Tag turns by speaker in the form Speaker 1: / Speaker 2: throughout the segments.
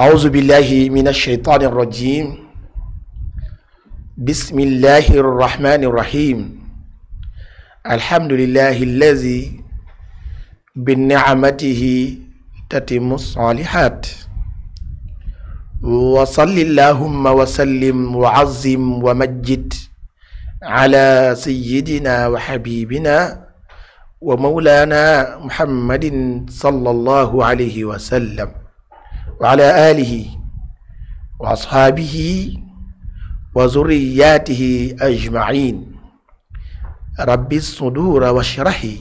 Speaker 1: أعوذ بالله من الشيطان الرجيم بسم الله الرحمن الرحيم الحمد لله الذي بنعمته تتم الصالحات وصل اللهم وسلم وعظم ومجد على سيدنا وحبيبنا ومولانا محمد صلى الله عليه وسلم وعلى آله وأصحابه وذرياته أجمعين رب الصدور واشرحي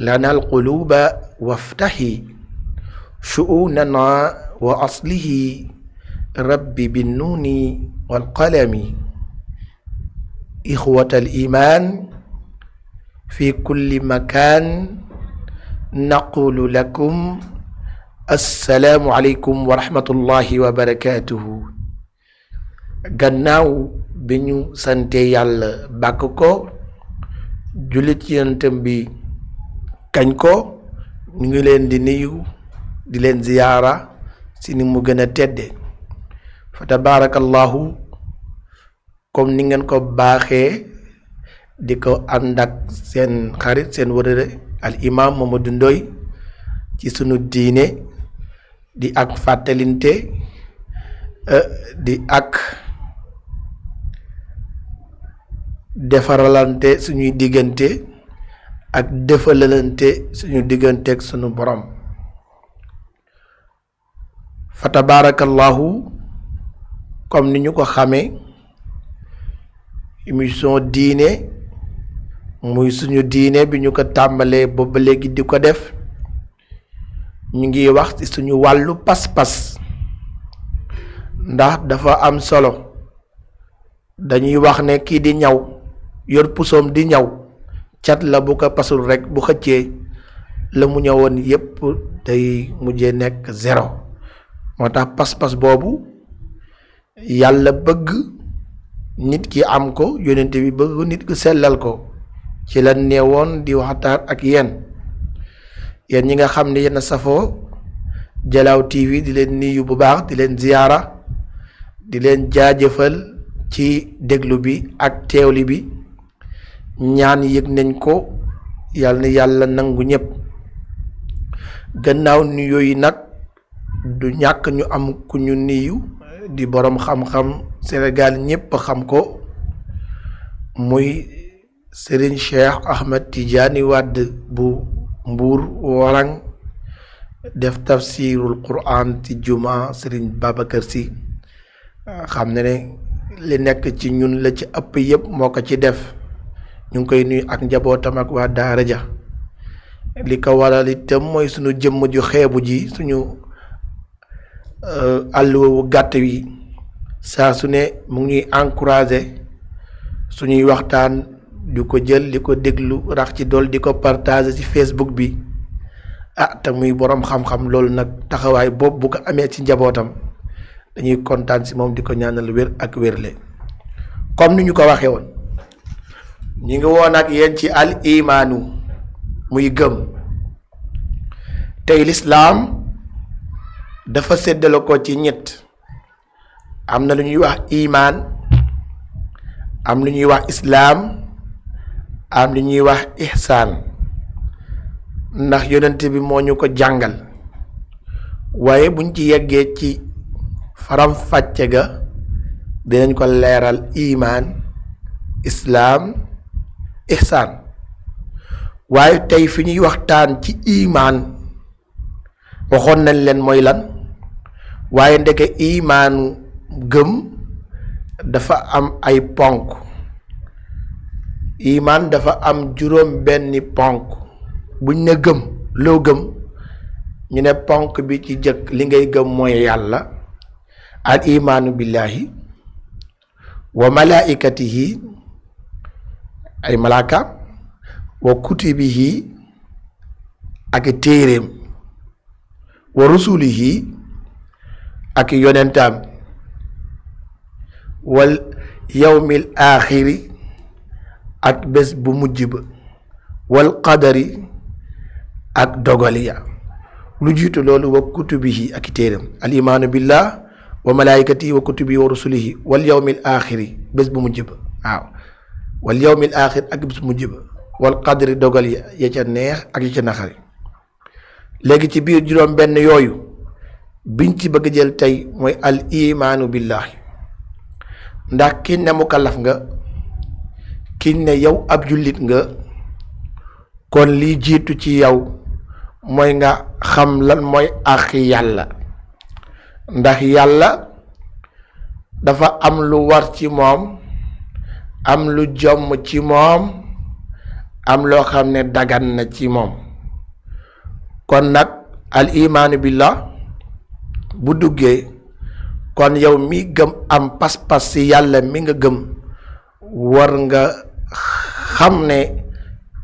Speaker 1: لنا القلوب وافتحي شؤوننا وأصله رب بالنون والقلم إخوة الإيمان في كل مكان نقول لكم asalaamualeykum wa rahmatullahi wa barakaatuhu gannaaw bi ñu sante yàlla bàkk ko jullit yonentam bi kañ ko ñu ngi leen di nuyu di leen ziyaara si ni mu gën a tedde fa tabaarakallahu comme ni ngeen ko baaxee di ko ànd ak seen xarit seen wërëre al imaam Mamadou Ndoye ci sunu diine di ak fàttalinte euh, di ak defaralante suñuy diggante ak defalalante suñu diggante ak suñu borom fa tabarakallahu comme ni ñu ko xamee émission diine muy suñu diine bi ñu ko tàmbalee ba ba léegi di ko def ñu ngi wax ci suñu walu pas-pas ndax dafa am solo dañuy wax ne ki di ñaw yor pusom di ñaw cat la bu ko pasul rek bu xëccee la mu ñëwoon yépp day mujjee nek zéro motax pas-pas bobu, yalla bëgg nit ki am ko yonent bi bëgg nit ko sellal ko ci la neewoon di waxtaan ak yéen ñi nga xam ne yenn a safoo Dialaw TV di leen nuyu bu baax di leen ziyaara di leen jaajëfal ci déglu bi ak teewli bi ñaan yëg nañ ko yàlla na yàlla nangu ñëpp gannaaw nuyoo yi nag du ñàkk ñu am ku ñu nuyu di boroom xam-xam Sénégal ñëpp xam ko muy Serigne Cheikh Ahmed Tidiane Wade bu. mbuur warang def tafsirul quran ci jumaa sëriñ Babacar Sy ah, xam ne ne li nekk ci ñun la ci ëpp yëpp moo ko ci def ñu ngi koy nuyu ak njabootam ak waa daara ja li ko waral itam mooy suñu jëmm ju xeebu ji suñu euh, àlluwawu gàtt wi saa su ne mu ngi encouragé suñuy waxtaan di ko jël di ko déglu rax ci dool di ko partager ci Facebook bi ah te muy boroom xam-xam loolu nag taxawaay boobu bu ko amee ci njabootam dañuy kontaan si moom di ko ñaanal wér ak wérle comme ni ñu ko waxee woon ñu ngi woon ak yéen ci al imaanu muy gëm tey lislaam dafa séddale ko ci ñett am na lu ñuy wax imaan am lu ñuy wax islaam am li ñuy wax ihsaan ndax yonent bi moo ñu ko jàngal waaye buñ ci yeggee ci faram fàcce ga dinañ ko leeral imaan islaam ihsaan waaye tey fi ñuy waxtaan ci imaan waxoon nañ leen mooy lan waaye ndeke imaanu gëm dafa am ay ponk imaan dafa am juróom benni ponk buñ ne gëm loo gëm ñu ne ponk bi ci jëkk li ngay gëm mooy yàlla al imaanu billaahi wa malaikatihi ay malaaka wa kutubihi ak téeréem wa rusulihi ak yonentaam wal yawmil aaxiri ak bés bu mujj ba wal qadari ak dogal ya lu jiitu loolu wa kutubihi ak téeram al imaanu billah wa malaayikati wa kutubihi wa rusulihi wal yawmil aaxiri bés bu mujj ba waaw wal yawmil aaxir ak bés bu mujj ba wal qadari dogal ya ya ca neex ak ya ca naxari léegi ci biir juróom benn yooyu biñ ci bëgg jël tey mooy al imaanu billahi ndax ki ne mukallaf nga kiñ ne yow ab jullit nga kon liy jiitu ci yow mooy nga xam lan mooy àq yàlla ndax yàlla dafa am lu war ci moom am lu jomm ci moom am loo xam ne dagan na ci moom kon nag al imaanu billah bu duggee kon yow mi gëm am pas-pas ci yàlla mi nga gëm war nga xam ne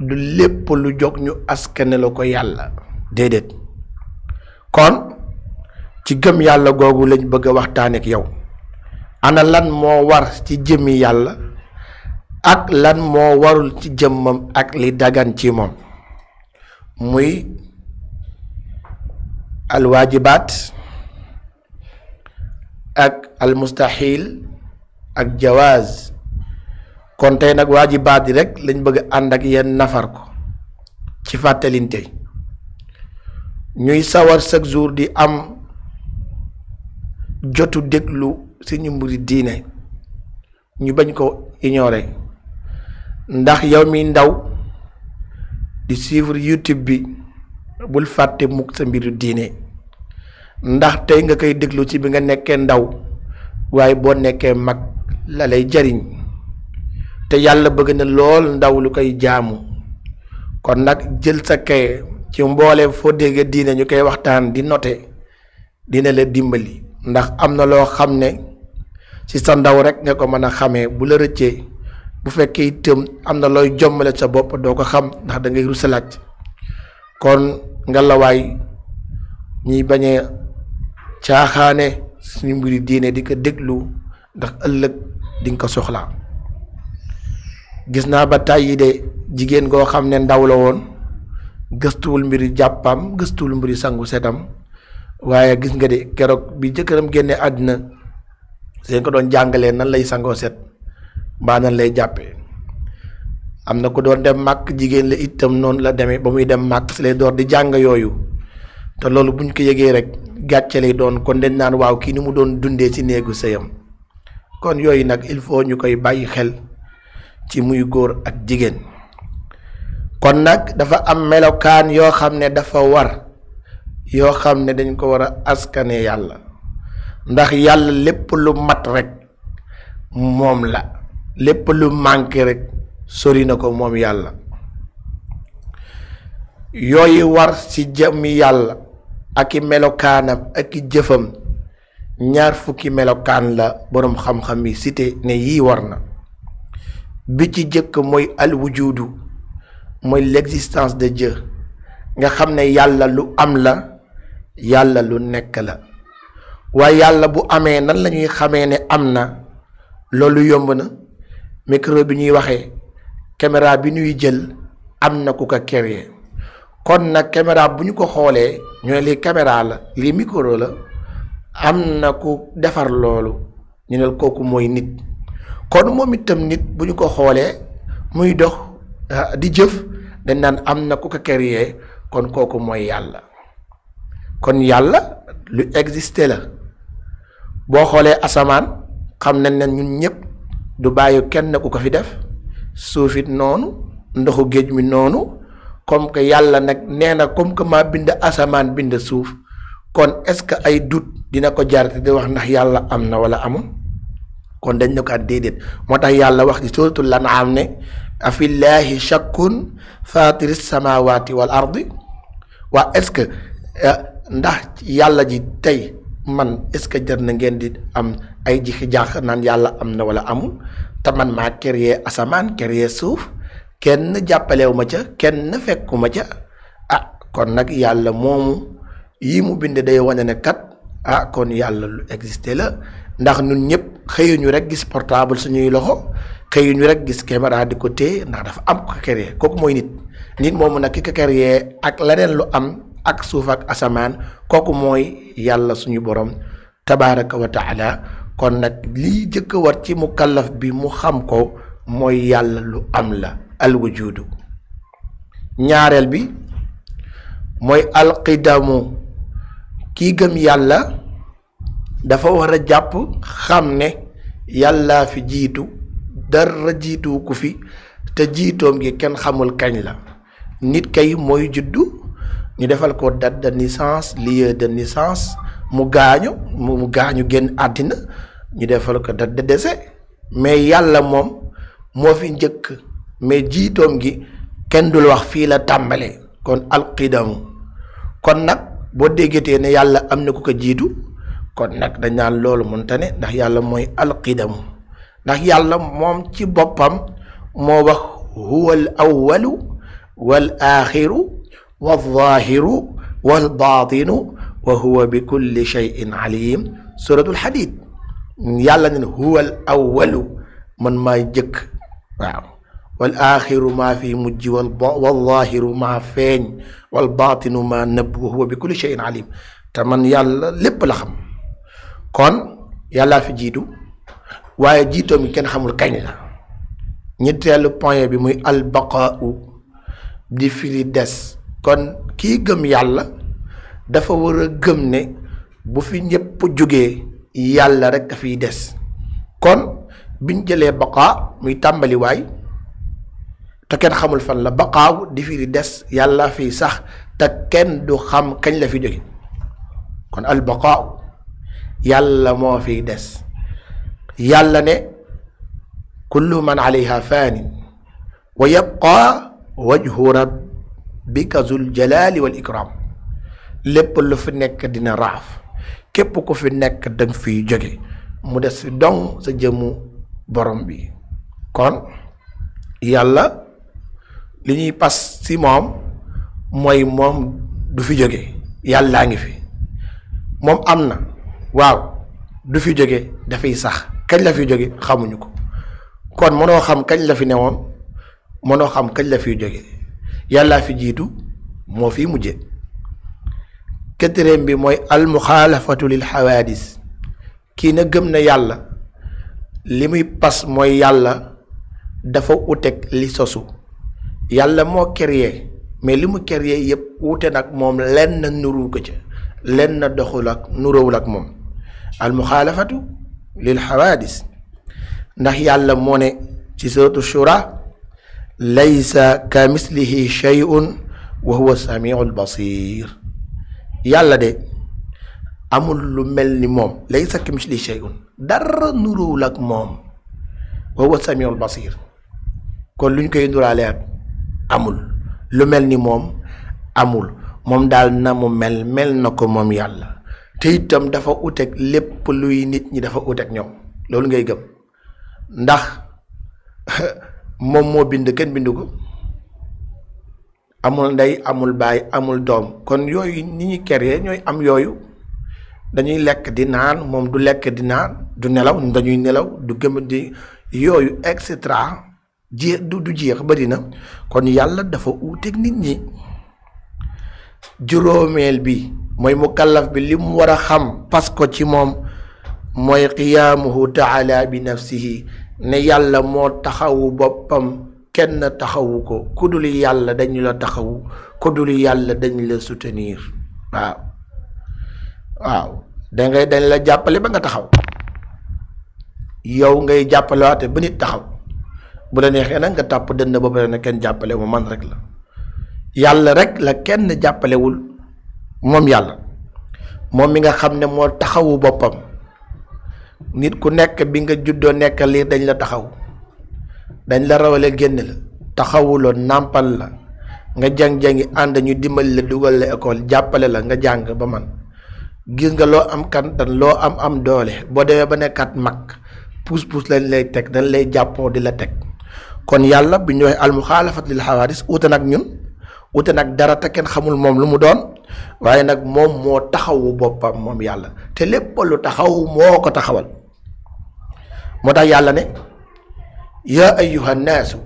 Speaker 1: du lépp lu jog ñu askane la ko yàlla déedéet kon ci gëm yàlla googu lañu bëgg a waxtaan ak yow ana lan moo war ci jëmmi yàlla ak lan moo warul ci jëmmam ak li dagan ci moom muy alwaajibaat ak almustaxil ak jawaaz kon tey nag waa ji waajibaat yi rek lañ bëgg ànd ak yenn nafar ko ci fàttalinte ñuy sawar chaque jours di am jotu déglu suñu mbiri diine ñu bañ ko ignorer ndax yow mi ndaw di suivre YouTube bi bul fàtte mukk sa mbiru diine ndax tey nga koy déglu ci bi nga nekkee ndaw waaye boo nekkee mag la lay jariñ te yàlla bëgg na lool ndaw lu koy jaamu kon nag jël sa kaye ci mboole foo dégg diine ñu koy waxtaan di note dina la dimbali ndax am na loo xam ne ci sa ndaw rek nga ko mën a xame bu la rëccee bu fekkee itam am na looy jommale sa bopp doo ko xam ndax dangay ngay rusalaat kon ngelawaay ñuy bañee caaxaane suñu mbiri diine di ko déglu ndax ëllëg dinga ko soxlaa gis naa ba tàyyi de jigéen goo xam ne ndaw la woon gëstuwul mbir jàppam gëstuwul mbiri sangu setam waaye gis nga de keroog bi jëkkëram génne àddina seen ko doon jàngalee nan lay sangoo set mbaa nan lay jàppee am na ko doon dem màkk jigéen la itam noonu la demee ba muy dem màkk si lay door di jàng yooyu te loolu buñ ko yëgee rek gàcce lay doon kon dañ naan waaw kii ni mu doon dundee ci néegu sëyam kon yooyu nag il faut ñu koy bàyyi xel ci muy góor ak jigéen kon nag dafa am melokaan yoo xam ne dafa war yoo xam ne dañ ko war a askane yàlla ndax yàlla lépp lu mat rek moom la lépp lu manqué rekk sori na ko moom yàlla yooyu war ci jëmmi yàlla ak i melokaanam ak i jëfam ñaar fukki melokaan la boroom xam-xam yi cité ne yii war na bi ci jëkk mooy al wujudu mooy l'existence de Dieu nga xam ne yàlla lu am la yàlla lu nekk la waaye yàlla bu amee nan la ñuy xamee ne am na loolu yomb na micro bi ñuy waxee caméra bi ñuy jël am na ku ko créé kon nag caméra bu ñu ko xoolee ñu ne lii caméra la lii micro la am na ku defar loolu ñu ne kooku mooy nit kon moom itam nit bu ñu ko xoolee muy dox ah, di jëf dañ naan am na ku ko créer kon kooku mooy yàlla kon yàlla lu existé la boo xoolee asamaan xam nañ ne ñun ñëpp du bàyyi kenn ku ko fi def suuf it noonu ndoxu géej mi noonu comme que yàlla nag nee na comme que maa bind asamaan bind suuf kon est-ce que ay doute dina ko jaar te di wax ndax yàlla am na wala amul. kon dañ ne ko at déedéet moo tax yàlla wax ci suuratul am ne afillaahi shakkun faatiri samawaati wal ardi waa est-ce que eh, ndax yàlla ji tey man est-ce que jar na ngeen di am ay jixi jaax naan yàlla am na wala amul te man maa yee asamaan yee suuf kenn jàppalewu ma ca kenn fekkuma ca ah kon nag yàlla moomu yi mu bind day wane ne kat ah kon yàlla lu existe la ndax nu ñëpp xëyuñu rek gis portable suñuy loxo xëyuñu rek gis caméra di ko téye ndax dafa am ko créé kooku mooy nit nit moomu nag ki ko créé ak leneen lu am ak suuf ak asamaan kooku mooy yàlla suñu boroom tabaaraka wa kon nag lii jëkk war ci mukallaf bi mu xam ko mooy yàlla lu am la alwujudu ñaareel bi mooy alqidamu kii gëm yàlla dafa war a jàpp xam ne yàllaa fi jiitu dara jiituwu ku fi te jiitoom gi kenn xamul kañ la nit kay mooy juddu ñu defal ko date de lieu de naissance mu gaañu mu gaañu génn àddina ñu defal ko date de mais yàlla moom moo fi njëkk mais jiitoom gi kenn dul wax fii la tàmbalee kon alqidamu kon nag boo déggatee ne yàlla am na ku ko jiitu kon nag dañ naan loolu munta ne ndax yàlla mooy alqidamu ndax yàlla moom ci boppam moo wax huwa al awalu wal axiru والظاهر والباطن وهو بكل شيء عليم سورة الحديد يالا هو الأول من ما يجك والآخر ما في مج والظاهر ما فين والباطن ما نب وهو بكل شيء عليم تمن يالا لب لخم kon yàllaa fi jiitu waaye jiitoom yi kenn xamul kañ la ñetteelu point bi muy albaqaa di fi des kon kii gëm yàlla dafa war a gëm ne bu fi ñëpp jógee yàlla rekk a dafiy des kon biñ jëlee baqaa muy tàmbaliwaay te kenn xamul fan la baqaaw di firi des yàlla fii sax te kenn du xam kañ la fi jóge kon albaqaa يلا ما في دس يلا ن كل من عليها فان ويبقى وجه رب بك ذو الجلال والإكرام لب اللي في نك دينا راف كيف كو في نك دن في جوجي مدس دون سجمو بروم كون يلا li ñuy pass ci moom mooy moom du fi jóge yàlla waaw du fi jóge dafay sax kañ la fi jóge xamuñu ko kon mënoo xam kañ la fi newoon mënoo xam kañ la fi jóge yàllaa fi jiitu moo fi mujje quatrième bi mooy almuxaalafatu lil xawaadis kii na gëm na yàlla li muy pas mooy yàlla dafa uteg li sosu yàlla moo créé mais li mu créé yépp wute nag lenn nuru ko ca lenn doxul ak nuróowul ak moom المخالفة للحوادث نحي على موني جسد الشورى ليس كمثله شيء وهو السميع البصير يالا دي أمول ملي موم ليس كمثله شيء در نورو لك موم وهو السميع البصير كل لن يدور عليه أمول لو ملي أمول موم دالنا موم مل مل نكو موم يالا te dafa uteeg lépp luy nit ñi dafa uteeg ñoom loolu ngay gëm ndax moom moo bind kenn bindu ko amul ndey amul baay amul doom kon yooyu ni ñuy créé ñooy am yooyu dañuy lekk di naan moom du lekk di naan du nelaw dañuy nelaw du gëm di yooyu et cetera jeex du du jeex bari na kon yàlla dafa uteeg nit ñi juróomeel bi. mooy mukallaf bi li mu war a xam pas ko ci moom mooy qiyaamuhu taala bi nafsihi ne yàlla moo taxawu boppam kenn taxawu ko ku dul yàlla dañu la taxawu ku dul yàlla dañu la soutenir waaw waaw dangay dañ la jàppale ba nga taxaw yow ngay jàppale ba nit taxaw bu la neexee nag nga tàpp dënd ba pare na kenn jàppale man rek la yàlla rek la kenn jàppalewul moom yàlla moom mi nga xam ne moo taxawu boppam nit ku nekk bi nga juddoo nekk lii dañ la taxaw dañ la rawale génn taxawuloo nàmpal la nga jàng-jangi ànd ñuy dimbali la dugal la école jàppale la nga jàng ba man gis nga loo am kantan loo am am doole boo demee ba nekkaat mag puus-puus lañ lay teg dañ lay jàppoo di la teg kon yàlla bu ñu waxee almuxaalafat lil xawaaris ute nag ñun ute nag dara te kenn xamul moom lu mu doon waye nak mom mo taxaw bopam mom yàlla te lépp lu taxaw moko taxawal motax yàlla ne yaa ayuha nas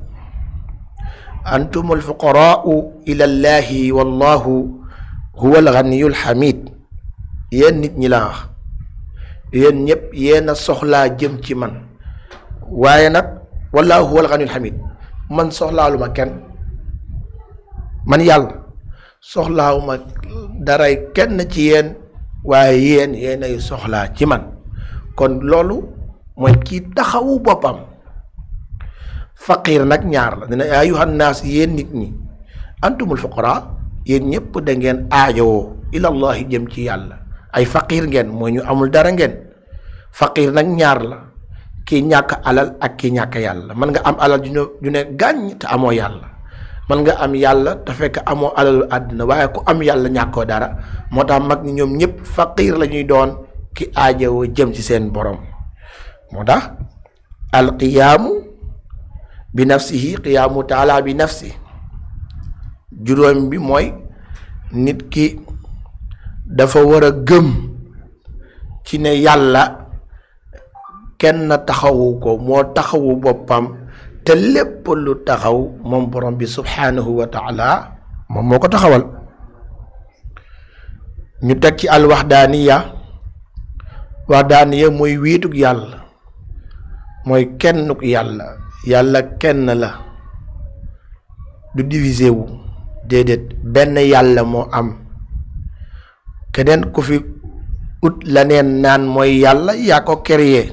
Speaker 1: antumul alfuqaraau ila allah wallahu huwa alganiyu hamid yen nit ñi la wax yen ñep yena soxla jëm ci man waye nak wallahu huwa alganiyu alxamid man soxla luma ken man yàlla soxlaawuma daray kenn ci yeen waaye yeen yeen ay soxlaa ci man kon loolu mooy kii taxawu boppam faqir nag ñaar la dina ayuhan nas yeen nit ñi antumul fuqara yeen ñépp da ngeen aajowoo ila allah jëm ci yàlla ay faqir ngeen mooy ñu amul dara ngeen faqir nag ñaar la ki ñàkk alal ak ki ñàkk yàlla man nga am alal ju ne gàññ te amoo yàlla mën nga am yàlla te fekk amoo alalu àdduna waaye ku am yàlla ñàkkoo dara moo tax mag ñi ñoom ñëpp faqiir la ñuy doon ki aajowoo jëm ci seen boroom moo tax alqiyaamu bi nafsihi qiyaamu taala bi nafsi juróom bi mooy nit ki dafa war a gëm ci ne yàlla kenn taxawu ko moo taxawu boppam te lepp lu taxaw mom borom bi subhanahu wa taala mom moko taxawal ñu tek ci al wahdaniya wahdaniya moy wiitug yalla moy kennuk yalla yalla kenn la du diviser wu dedet ben yalla mo am keneen ku fi ut lanen nan moy yalla ya ko créer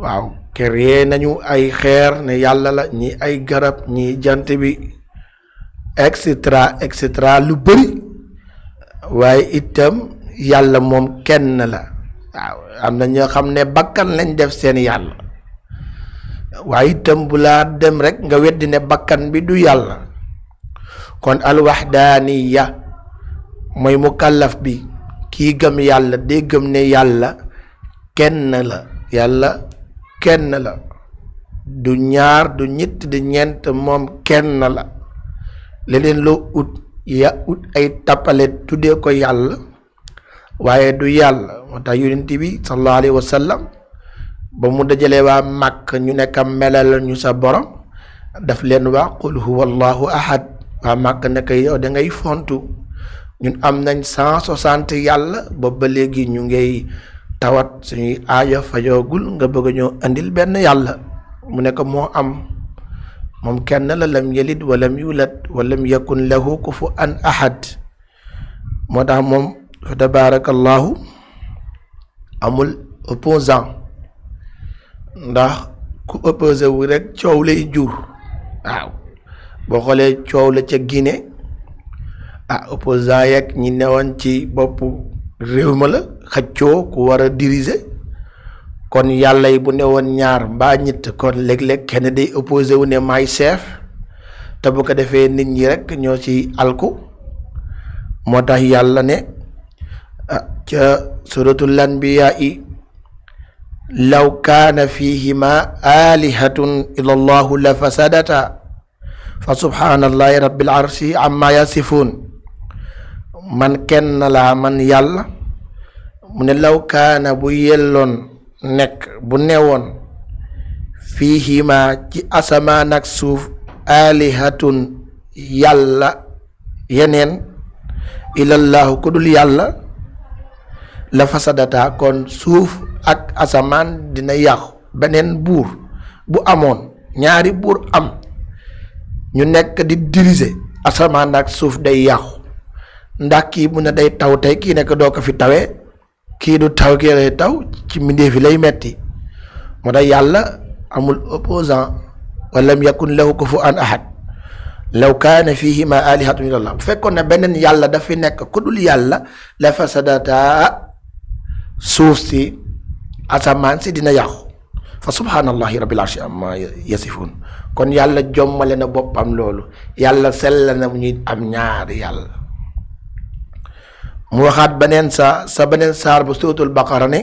Speaker 1: waaw créé nañu ay xeer ne yalla la ñi ay garab ñi jant bi et cetera et cetera lu bari waye itam yalla mom kenn la amna ñoo ne bakkan lañ def seen yalla waye itam bu la dem rek nga weddi ne bakkan bi du yalla kon al wahdaniya moy mukallaf bi ki gam yalla de gam ne yalla kenn la yalla kenn la du ñaar du ñett du ñeent moom kenn la leneen loo ut ya ut ay tappale tuddee ko yàlla waaye du yàlla moo tax yonent bi sallallahu alayhi wa ba mu dajalee waa màkk ñu nekk melal ñu sa borom daf leen waa qul huwa allahu ahad waa màkk nekk yow da fontu ñun am nañ cent soixante yàlla ba léegi ñu ngay tawat suñuy aya fajoogul nga bëgg ñoo andil benn yàlla mu ne ko moo am moom kenn la lam yalid walam yulad walam yakun lahu kufu an ahad moo tax moom fa tabarakallahu amul opposant ndax ku opposé wu rek coow lay jur waaw boo xoolee coow la ca Guinée ah opposant yeeg ñi newoon ci boppu réew ma la xaccoo ku war a kon yàlla yi bu ne woon ñaar mbaa ñett kon léeg-léeg kenn day opposé wu ne maay te bu ko defee nit ñi rek ñoo ci alku moo tax yàlla ne ah, ca suratul anbiyaa law kaana fihima alihatun ila la fasadata fa subhanallahi rabbil arshi amma yasifun man kenn laa man yàlla mu ne law kaana bu yelloon nekk bu newoon fiihima ci asamaan ak suuf alihatun yàlla yeneen ilallaahu ku dul yàlla la fasadata kon suuf ak asamaan dina yàqu beneen buur bu amoon ñaari buur am ñu nekk di diriger asamaan ak suuf day yàqu ndaki mu ne day taw tey kii nekk do ko fi tawé ki du taw ki lay taw ci minde fi lay metti mo day yàlla amul opposant walam yakun lahu kufu an ahad law kaana fihima alihatun illallah bu fekkoon ne beneen yàlla da fi nek ku dul yàlla la fasadata sufsi asaman si dina yakh fa subhanallahi rabbil arshi amma yasifun kon yàlla jomale na bopam lolou yàlla sell na mu ñuy am ñaar yàlla mu waxaat beneen sa sa beneen saar bu suratul baqara ne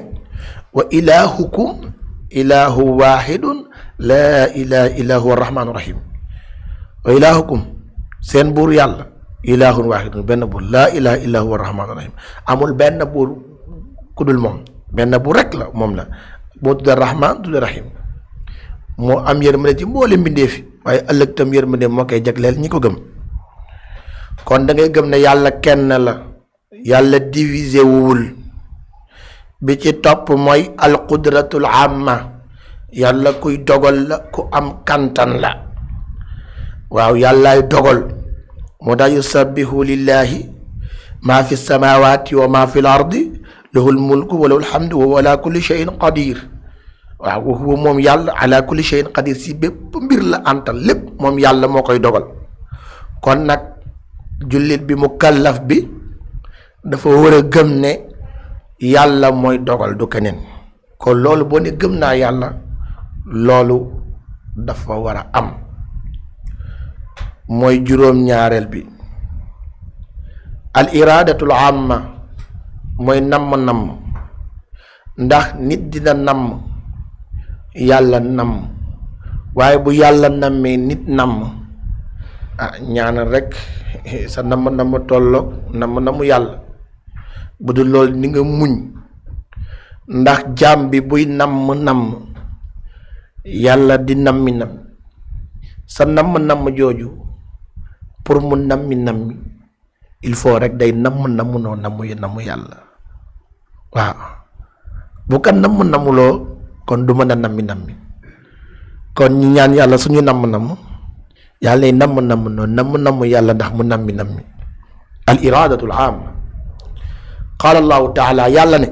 Speaker 1: wa ilahukum ilahu wahidun la ilaha illa huwa arrahmanu rahim wa ilahukum seen buur yàlla ilahun wahidun benn buur la ilaha illa huwa arrahmanu rahim amul benn buur ku dul moom benn buur rek la moom la boo tudda rahman tudda rahim moo am yërmande ci mboole mbindeef fi waaye ëllëg tam yërmande moo koy jagleel ñi ko gëm kon da ngay gëm ne yàlla kenn la يالا ديفيزي وول بيتي توب موي القدرة العامة يالا كوي دوغل لا كو أم كانتان لا واو يالا دوغل مودا يسبح لله ما في السماوات وما في الأرض له الملك وله الحمد وهو على كل شيء قدير وهو موم يالا على كل شيء قدير سي بيب مير لا انتال ليب موم يالا موكاي دوغل كون نك جوليت بي مكلف بي dafa war a gëm ne yàlla mooy dogal du keneen kon loolu boo ne gëm naa yàlla loolu dafa war a am mooy juróom-ñaareel bi al iradatul amma mooy namm-namm ndax nit dina namm yàlla namm waaye bu yàlla nammee nit namm ah ñaanal rekk sa namm-namm tolloog namm-namm yàlla bu dul lool ni nga muñ ndax jaam bi buy namm namm yàlla di nammi nam sa namm namm jooju pour mu nammi nammi il faut rek day namm namm noo namm namm yàlla waaw bu ko kon du mën a nammi nammi kon ñu ñaan yàlla suñu namm namm yàlla nay namm namm noo namm namm yàlla ndax mu nammi nammi al iradatul am قال الله تعالى يلا ne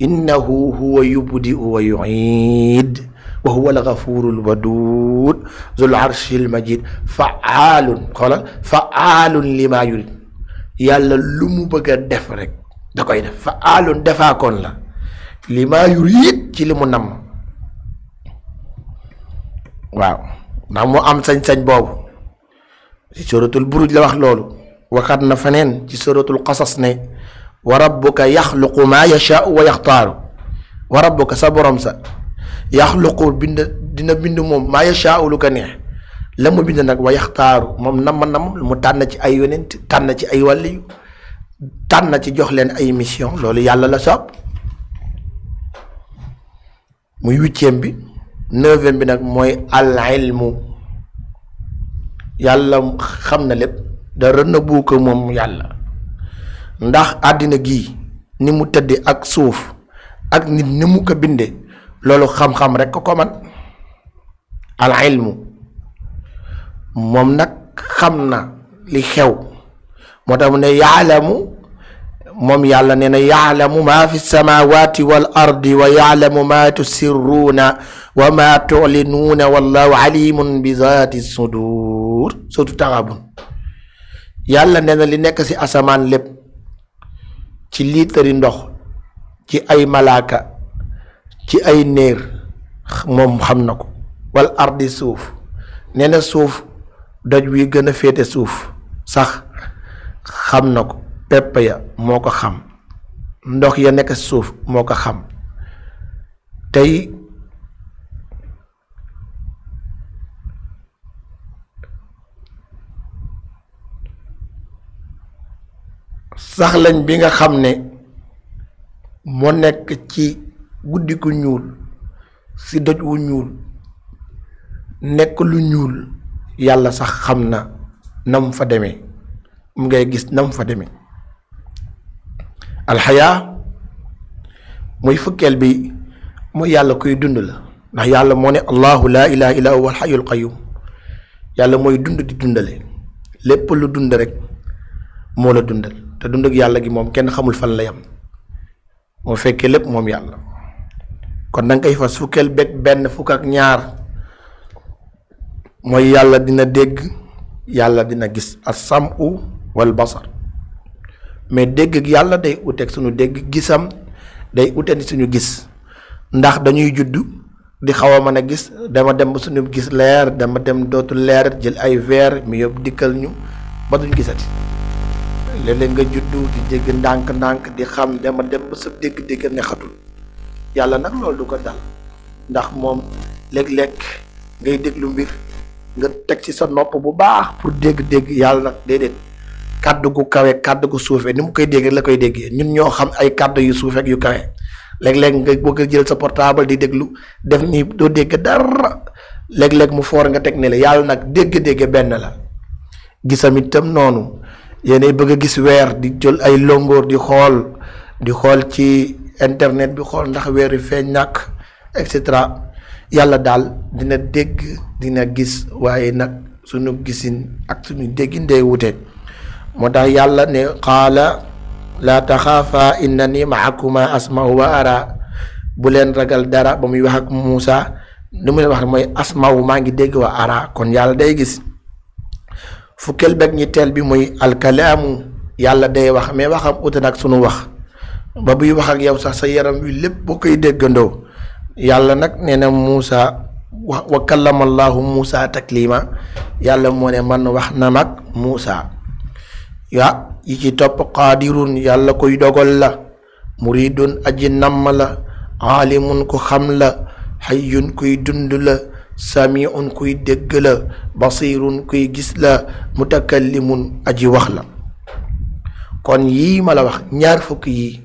Speaker 1: innahu huwa yubdi'u wa yu'id wa huwa al-ghafurul wadud zul arshil majid fa'alun xoolal fa'alun lima yurid yàlla lu mu bëgg a def rek da koy def fa'alun defaakoon la lima yurid ci li mu nam waaw ndax mu am sañ-sañ boobu ci suratul buruj la wax loolu waxaat na feneen ci suratul qasas ne وربك يخلق ما يشاء ويختار وربك صبر امسا يخلق دينا بند موم ما يشاء لك نيه لم بند نك ويختار موم نام نام مو تان سي اي يوننت تان سي اي ولي تان سي جوخ لين اي ميسيون لولو يالا لا سوب مو 8 بي 9 بي نك موي العلم يالا خمنا لب دا رنبوك موم يالا ndax adina gi ni mu tëdde ak suuf ak nit ni mu ko binde lolu xam-xam rek ko man al ilm mom nak xamna li xew motam ne yaalamu mom yàlla nee na yaalamu maa fi samawati wal ardi wa yaalamu ma tusirruna wa ma tu'linuna wallahu alimun bi zaati sudur surtout tarabun yàlla nee na li nek ci asaman lépp ci liitari ndox ci ay malaaka ci ay néer moom xam na ko wal ardi suuf nee na suuf doj wi gën a féete suuf sax xam na ko pepp ya moo ko xam ndox ya nekk suuf moo ko xam tey sax lañ bi nga xam ne moo nekk ci guddiku ñuul si doj wu ñuul nekk lu ñuul yàlla sax xam na nam fa demee mu ngay gis nam fa demee alxayaa muy fukkeel bi mooy yàlla kuy dund la ndax yàlla moo ne allahu la ilaha illa huwa alxayul qayum yàlla mooy dund di dundale lépp lu dund rek moo la dundal te dund ak yàlla gi moom kenn xamul fan la yam moo fekkee lépp moom yàlla kon danga koy fas fukkeel beeg benn fukk ak ñaar mooy yàlla dina dégg yàlla dina gis as sam wal basar mais dégg yàlla day uteeg suñu dégg gisam day uteeg suñu gis ndax dañuy judd di xaw a mën a gis dama dem ba suñu gis leer dama dem dootul leer jël ay verre mi yóbbu dikkal ñu ba duñ gisati léeg nga juddu di dégg ndànk-ndànk di xam dama dem ba sa dégg-dégg neexatul yàlla nag loolu du ko dal ndax moom léeg-léeg ngay déglu mbir nga teg ci sa nopp bu baax pour dégg-dégg nag déedéet gu kawe kàddu gu suufee ni mu koy dégg la koy déggee ñun ñoo xam ay kàddu yu suufeek yu kawe léeg nga bëgg a jël sa portable di déglu def ni doo dégg dara léeg mu foor nga teg ne la yàlla nag dégg-dégg benn la gisam itam noonu. yene bëgg gis wër di jël ay longor di xol di xol ci internet bi xol ndax wër fi ñak et cetera dina dégg dina gis waaye nak sunu gisin ak suñu dégg day wuté moo tax ne qala la takhafa innani maakuma asmau wa ara bu len ragal dara bumi wax ak musa lu mu wax moy asmau ma ngi dégg wa ara kon yalla day gis fukkeel beeg ñetteel bi muy alkalaamu yàlla day wax mais waxam ute nag sunu wax ba buy wax ak yow sax sa yaram wi lépp boo koy yàlla nag nee na Muusa wa wa kallamallahu Muusa taklima yàlla moo ne man wax na mag Muusa ya yi ci topp qaadirun yàlla koy dogal la muridun aji namm la aalimun ku xam la xayyun kuy dund samiun kuy dégg la basirun kuy gis la mutakallimun aji wax la kon yii ma la wax ñaar fukk yi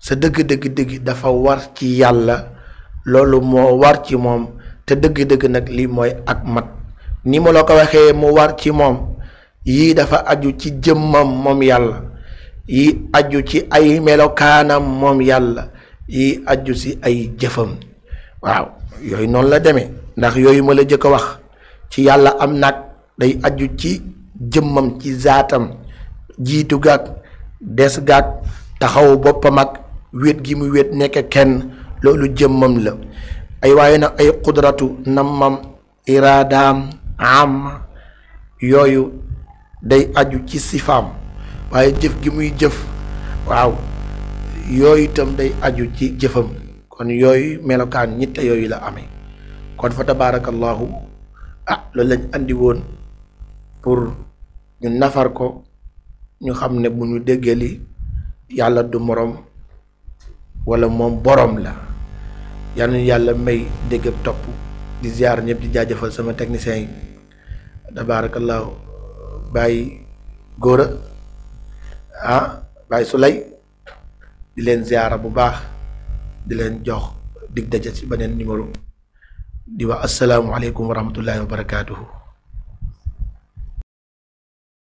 Speaker 1: sa dëgg-dëgg-dëgg dafa war ci yàlla loolu moo war ci moom te dëgg-dëgg nag li mooy ak mat ni ma la ko waxee mu war ci moom yii dafa aju ci jëmmam moom yàlla yii aju ci ay melokaanam moom yàlla yii aju ci ay jëfam waaw yooyu noonu la deme ndax yooyu ma la jëkk a wax ci yàlla am nag day aju ci jëmmam ci zaatam jiitu gaag des gaag taxaw boppam ak wéet gi mu wéet nekk kenn loolu jëmmam la ay waaye nag ay qudratu nammam iraadaam am yooyu day aju ci sifaam waaye jëf gi muy jëf waaw yooyu itam day aju ci jëfam kon yooyu melokaan ñitte yooyu la amee kon fa tabaarakallaahu ah loolu lañ andi woon pour ñu nafar ko ñu xam ne bu ñu déggee li yàlla du moroom wala moom boroom la yal yàlla may dégg ak topp di ziar ñëpp di jaajëfal sama technicien yi tabaarakallaahu bàyyi góora ah bàyyi sulay di leen ziara bu baax di leen jox dig daje ci beneen numéro di wax asalaamualeykum wa rahmatullahi wa barakaatuhu